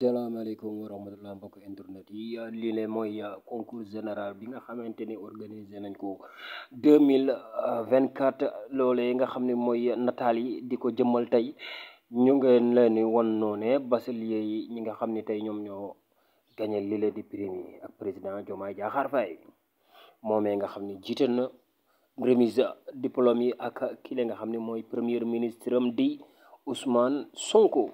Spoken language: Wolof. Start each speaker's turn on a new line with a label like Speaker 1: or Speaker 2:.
Speaker 1: salaamaaleykum wa rahmatulah mbokk internet yi lii ne mooy concours général bi nga xamante ni organisé nañ ko deux mille vingt quatre loolee nga xam ne mooy nataal yi di ko jëmmal tey ñu ngeen leen di wan noone bachelier yi ñi nga xam ni tey ñoom ñoo gagné li la di prime yi ak président Diomaye Diakhar Faye moomee nga xam ni jiite na remise diplôme yi ak ki la nga xam ne mooy premier ministre am di Ousmane Sonko.